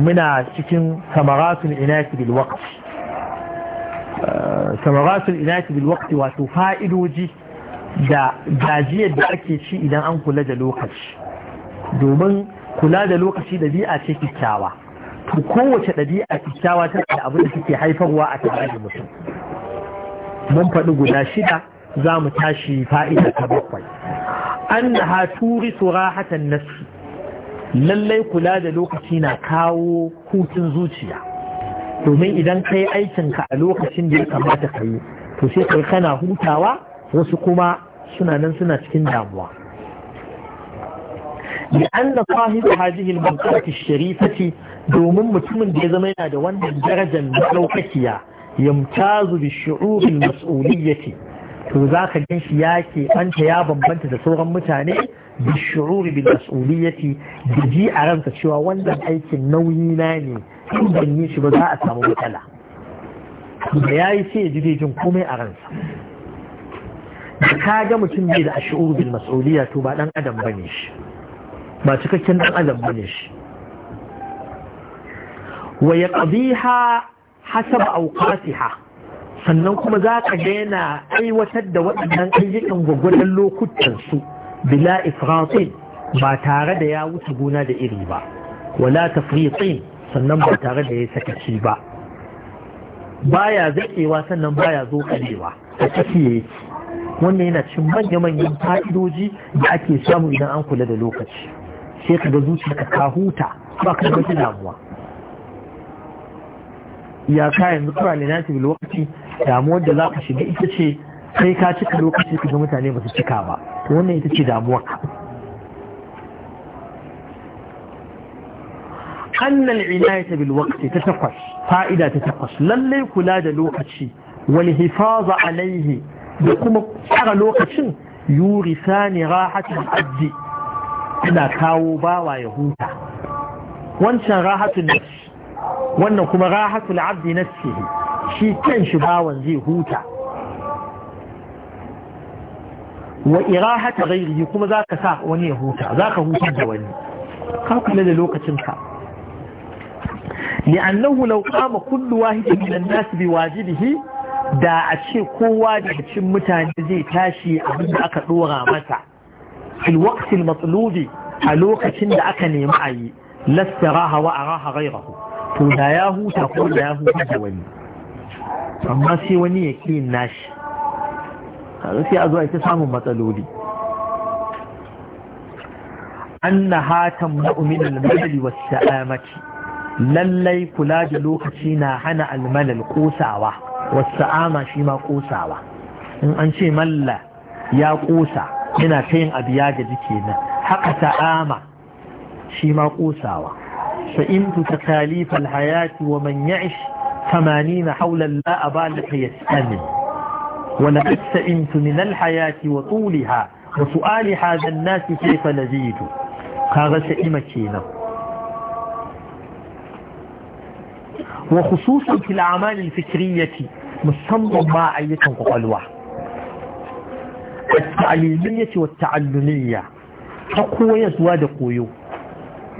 muna cikin samaratul inati bil waqt eh, samaratul inati bil waqt wato fa'idoji da gajiyar da ake ci idan an kula da lokaci domin kula da lokaci ɗabi'a ce kyakkyawa to kowace ɗabi'a kyakkyawa tana da abin da take haifarwa a tare da mutum mun faɗi guda shida za mu tashi fa'ida ta bakwai an haturi turi surahatan nafsi lallai kula da lokaci na kawo hutun zuciya domin idan kayi yi aikinka a lokacin da ya kamata ka yi to sai kai kana hutawa wasu kuma suna nan suna cikin damuwa li anna sahib hadhihi al-manqabah ash-sharifati domin mutumin da ya zama yana da wannan darajar daukakiya yamtazu bi shu'ub al-mas'uliyyati to zaka ganshi yake anta ya bambanta da sauran mutane بالشعور بالمسؤولية بجي أرمت شوى وانا أيك نوي ناني إن بني شبا ذا أسامو بتلا بياي سي جدي جنكومي أرمت kaga mutum bai da ash'ur bil mas'uliyya to ba dan adam bane shi ba cikakken dan hasab sannan kuma za ka ga yana aiwatar da waɗannan ayyukan gwagwadon lokutan su bila ifratin ba tare da ya wuce gona da iri ba wala tafriqin sannan ba tare da ya sakaci ba baya zakewa sannan baya zo kalewa a ciki yake wannan yana cin manya-manyan fa'idoji da ake samu idan an kula da lokaci sai ka ga zuciya ka huta ba ka ga damuwa ya ka yanzu kura ne na lokaci damuwar da za ka shiga ita ce kai ka cika lokaci ka ga mutane ba su cika ba wannan ita ce damuwa annal inayata bil waqti ta takwas fa'ida ta takwas lalle kula da lokaci wal hifaza alaihe da kuma tsara lokacin sani, rahatul abdi ina kawo bawa ya huta wancan rahatul nafs wannan kuma rahatul abdi nafsihi shi kan shi bawan zai huta wa irahata ghairihi kuma zaka sa wani ya huta zaka huta da wani ka kula da lokacin ka li'annahu law qama kullu wahidin min an-nas bi wajibihi da a ce kowa daga cikin mutane zai tashi abin da aka dora masa fil waqti al-matlubi a lokacin da aka nemi a yi lastaraha wa araha ghairahu to da ya huta ko da ya huta da wani amma sai wani ya kiyin nashi kaga sai a zo a samun matsaloli Annahatan hatam na umin almalali wa sa'amati lallai kula da lokaci na hana almalal kosawa wa sa'ama shi ma kosawa in an ce malla ya kosa yana ta yin abu ya gaji kenan haka sa'ama shi ma kosawa sa'imtu takalifal hayati wa man ya'ish 80 hawla la abala yas'amin ولقد سئمت من الحياة وطولها وسؤال هذا الناس كيف نزيد هذا سئمتينا وخصوصا في الأعمال الفكرية مصمم ما أيتم قلوة التعليمية والتعلمية تقوى يزواد قيوم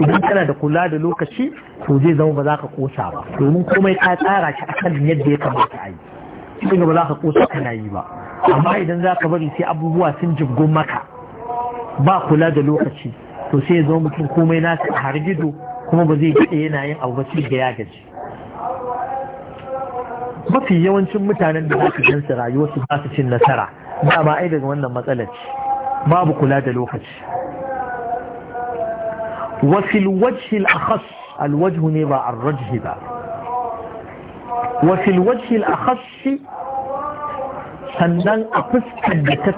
idan kana da kula da lokaci to zai zama ba za ka kosa ba domin komai ka tsara shi akan yadda ya kamata a yi kinga ba za ka kosa kana yi ba amma idan za ka bari sai abubuwa sun jibgun maka ba kula da lokaci to sai ya zama mutum komai na har gido kuma ba zai gaɗe yana yin abu ba da ya gaji mafi yawancin mutanen da za su gansu rayuwarsu ba su cin nasara ba ma ai daga wannan matsalar babu kula da lokaci وفي الوجه ne ba نبا rajhi ba. wa fil wajhi al sannan a fuskar da ta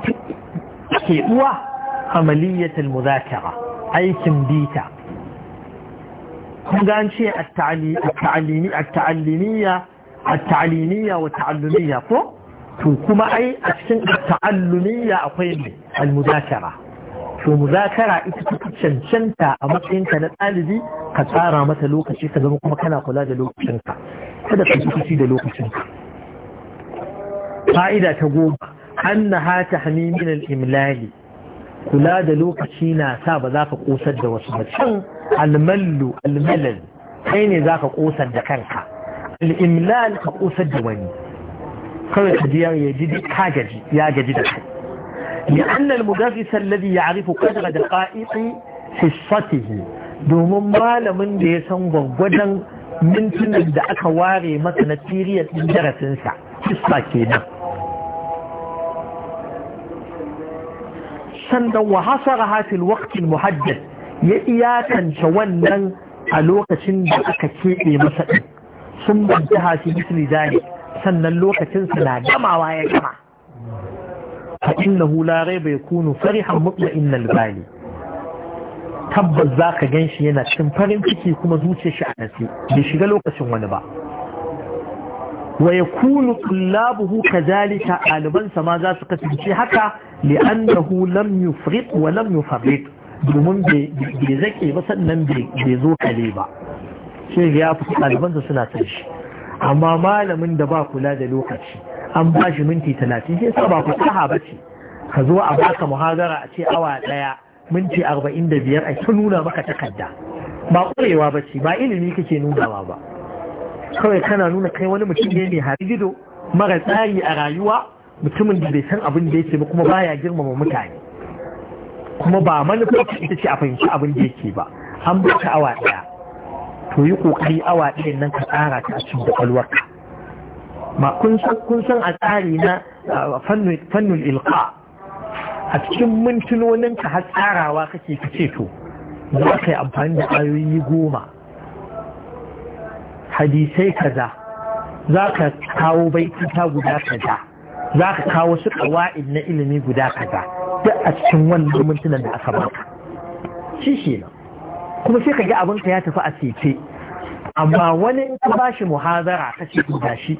ke uwa amaliyat muzakara aikin bita kun ga an ce at-ta'allimiyya at-ta'allimiyya wa ta'allumiyya ko to kuma ai a cikin ta'allumiyya akwai ne al-muzakara to muzakara ita ta cancanta a matsayinka na ɗalibi ka tsara mata lokaci ka zama kuma kana kula da lokacinka kada ka ji da lokacin fa'ida ta goma annaha tahmimin al-imlali kula da lokaci na sa ba za ka kosar da wasu ba can almallu almalal kai ne za ka kosar da kanka al'imlal ka kosar da wani kawai ka ji ya ji ka gaji ya gaji da kai لأن المدرس الذي يعرف قدر دقائق حصته domin malamin da ya san gwaggwadon mintunan da aka ware masa na tiriyar ɗin darasinsa kisa kenan sannan wa hasara hafil waktin muhaddad ya iyakance wannan a lokacin da aka keɓe masa ɗin sun banta hafi misli zane sannan lokacinsa na gamawa ya gama fa innahu la raiba yakunu farihan mutla'in na bali tabbas za ka gan shi yana cikin farin ciki kuma zuce shi a nasi bai shiga lokacin wani ba wa ya kunu ka ta ɗalibansa ma za su kasance haka hu lam yufrid wa lam yufarrid domin bai zake ba sannan bai zo kale ba shi ya fi ɗalibansa suna san shi amma malamin da ba kula da lokaci an ba shi minti talatin sai sa ba tsaha ba ce ka zo a baka muhazara a ce awa ɗaya minti arba'in da biyar a ta nuna maka takarda ba ƙwarewa ba ce ba ilimi kake nunawa ba kawai kana nuna kai wani mutum ne mai harigido mara tsari a rayuwa mutumin da bai san abin da yake ba kuma baya girmama mutane kuma ba manufarka ita ce a fahimci abin da yake ba an baka awa ɗaya to yi ƙoƙari awa ɗayan nan ka tsara ta a cikin ƙwaƙwalwarka ma kun san a tsari na fannul ilka a cikin mintunoninka har tsarawa kake ka ce to za ka yi amfani da ayoyi goma hadisai kaza za ka kawo baikita guda kaza za ka kawo su ƙawa'id na ilimi guda kaza duk a cikin wannan mintunan da aka baka shi shi na kuma sai ka ga ka ya tafi a cece amma wani in ka ba shi muhazara ka ce shi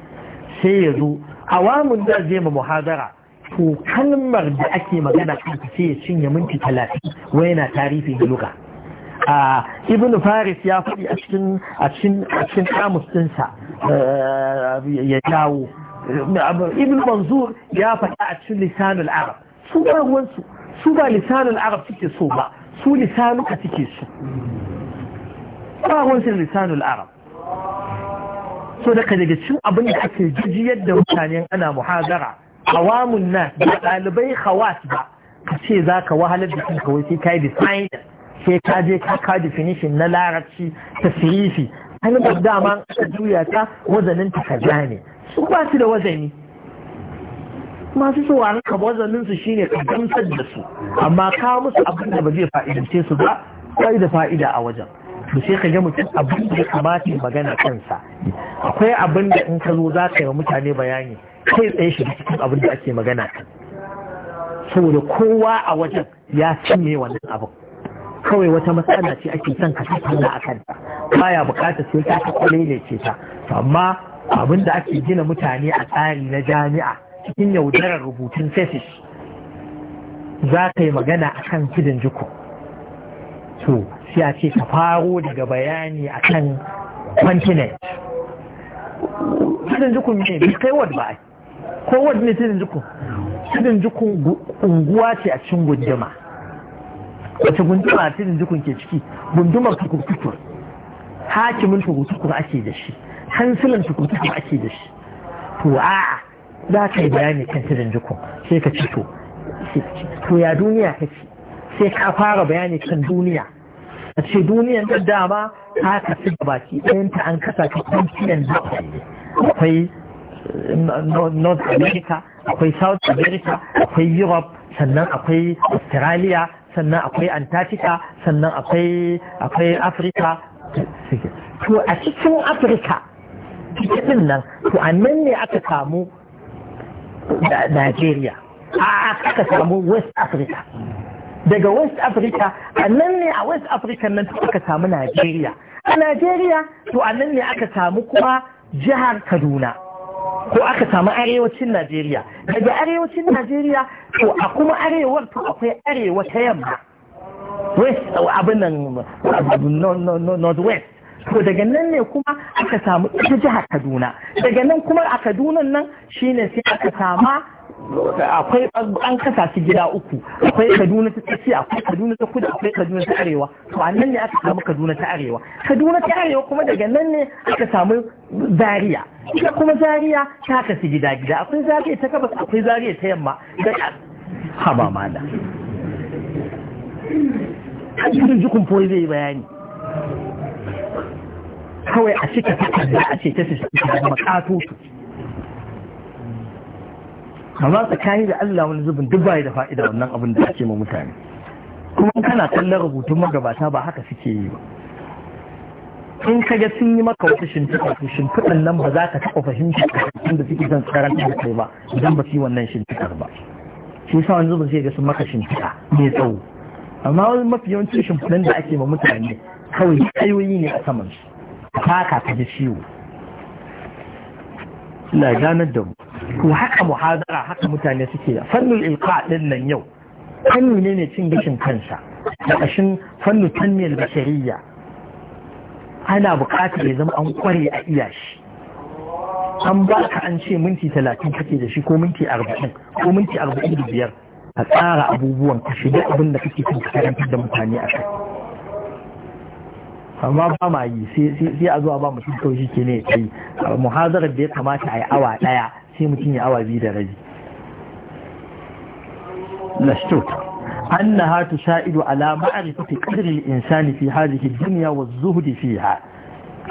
sai ya zo awamun da zai ma muhazara to kalmar da ake magana kan ta ce cinye minti talatin wai yana tarihi da luka a ibn faris ya faɗi a cikin a cikin a cikin kamus ɗinsa eh, ya jawo ibn manzur ya faɗi a cikin lisanul arab su ba ruwansu su ba lisanul arab suke so ba su lisanuka suke so ba ruwansu lisanul arab so daga daga cikin abin da ake jijiyar da mutanen ana muhazara awamun na ba ɗalibai khawas ba ka ce za ka wahalar da kanka wai sai ka yi design sai ka je ka ka definition na larabci ta sirifi kalmar dama ka juya ta wazanin ta kaza ne su ba su da wazani masu sauraron ka wazanin su shine ka gamsar da su amma ka musu abin da ba zai fa'idance su ba sai da fa'ida a wajen to sai ka ga mutum abin da ya kamata magana kansa akwai abin da in ka zo za ka yi wa mutane bayani kai tsaye shi cikin abin da ake magana kan saboda kowa a wajen ya cinye wannan abin kawai wata matsala ce ake son ka kalla a ta ya bukata sai ka kwale ne ce ta amma abin da ake gina mutane a tsari na jami'a cikin yaudarar rubutun thesis za ka yi magana a kan kidan jiko to sai a ce ka faro daga bayani a kan continent kidan jikun ne bai kai wadda ba Ko ne tudun jikun tudun jikun unguwa ce a cikin gunduma wace gunduma tudun jikun ke ciki gundumar tukurtukur hakimin tukurtukur ake da shi hansilan tukurtukur ake da shi to a'a za ka yi bayani kan tudun jikun sai ka ci to to ya duniya kake sai ka fara bayani kan duniya a ce duniyan da dama ta kasu baki ɗayanta an kasa ta kwanciyar da akwai north america akwai south america akwai europe sannan akwai australia sannan akwai antarctica sannan akwai akwai africa to a cikin afirka cikin nan to a nan ne aka samu nigeria aka samu west africa daga west africa a nan ne a west africa nan aka samu nigeria a nigeria to a nan ne aka samu kuma jihar kaduna ko aka samu arewacin Najeriya daga arewacin Najeriya to a kuma arewar to akwai arewa ta yamma west abin nan north west to daga nan ne kuma aka samu ita jiha kaduna daga nan kuma a Kaduna nan shine sai aka sama akwai an kasa su gida uku akwai kaduna ta tsaki akwai kaduna ta kudu akwai kaduna ta arewa to a nan ne aka samu kaduna ta arewa kaduna ta arewa kuma daga nan ne aka samu zaria ita kuma zaria ta kasu gida gida akwai zaria ta gabas akwai zaria ta yamma da haba mana an jikin jikun zai bayani kawai a cika takarda a ce ta su da makatutu amma kayi da Allah wani zubin duk bai da fa'ida wannan abin da ake ma mutane kuma kana kallon rubutun magabata ba haka suke yi ba in ka ga sun yi maka wata shimfiɗa to shimfiɗan nan ba za ka taɓa fahimta da suke son karanta da kai ba idan ba su yi wannan shimfiɗar ba shi sa wani zubin sai ga sun maka shimfiɗa mai tsawo amma wani mafi yawancin shimfiɗan da ake ma mutane kawai ayoyi ne a saman su taka ta ji ciwo ina ganar da mu haka muhadara haka mutane suke fannin ilka din nan yau fanni ne ne cin gashin kansa da ƙashin fannin tanmiyar bashariya ana buƙatar ya zama an kware a iya shi an ba ka an ce minti talatin kake da shi ko minti arba'in ko minti arba'in da biyar a tsara abubuwan ka shiga abin da kake son karantar da mutane a kai amma ba ma yi sai a zuwa ba mutum kawai shi ke ne ya yi muhazarar da ya kamata a yi awa ɗaya sai mutum ya awa biyu da rabi lashtot annaha tusaidu ala ma'rifati qadri al-insani fi hadhihi ad wa az-zuhdi fiha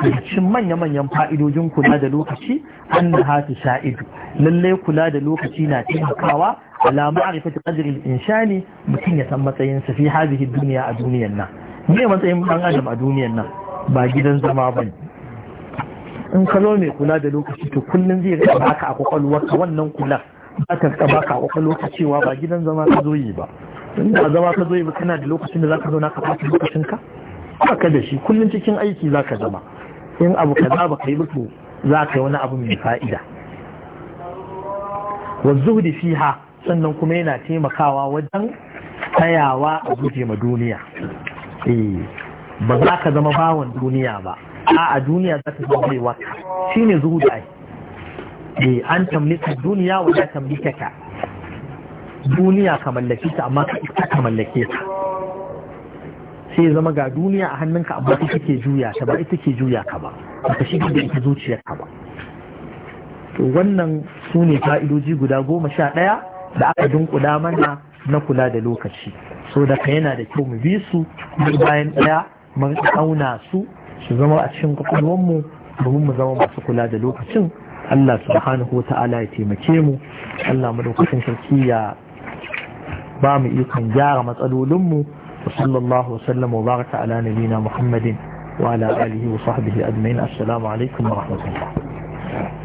cikin manya-manyan fa'idojin kula da lokaci an na hatu sha'idu lallai kula da lokaci na taimakawa alama a rufata ƙadirin mutum ya san matsayinsa fi hazihi duniya a duniyan nan ne matsayin ɗan adam a duniyan nan ba gidan zama ba in ka zo mai kula da lokaci to kullum zai rika baka a kwakwalwarka wannan kula ba ta rika baka a kwakwalwarka cewa ba gidan zama ka zo yi ba in da zama ka zo yi ba kana da lokacin da zaka zauna ka fata lokacin ka ba ka da shi kullum cikin aiki zaka zama in abu kaza ba ka ba to za ka yi wani abu mai fa'ida wa zuhdi fiha sannan kuma yana taimakawa wajen tsayawa a guje ma duniya Eh, ba za ka zama bawan duniya ba a a duniya za ka zama baiwa shi ne zuhu da ai eh an tamlika duniya wa ya tamlika ka duniya ka mallake ta amma ka ita ka mallake ta sai zama ga duniya a hannunka amma ita ke juya ta ba ita ke juya ka ba ka shiga da ita zuciyar ka ba to wannan su ne fa'idoji guda goma sha ɗaya da aka dunkula mana na kula da lokaci so da ka yana da kyau mu bi su duk bayan ɗaya mun auna su su zama a cikin kwakwalwarmu domin mu zama masu kula da lokacin Allah subhanahu wa ta'ala ya taimake mu Allah madaukakin sarki ya ba mu ikon gyara matsalolinmu wa sallallahu wa sallam wa baraka ala nabina Muhammadin wa ala alihi wa sahbihi ajma'in assalamu alaikum wa rahmatullah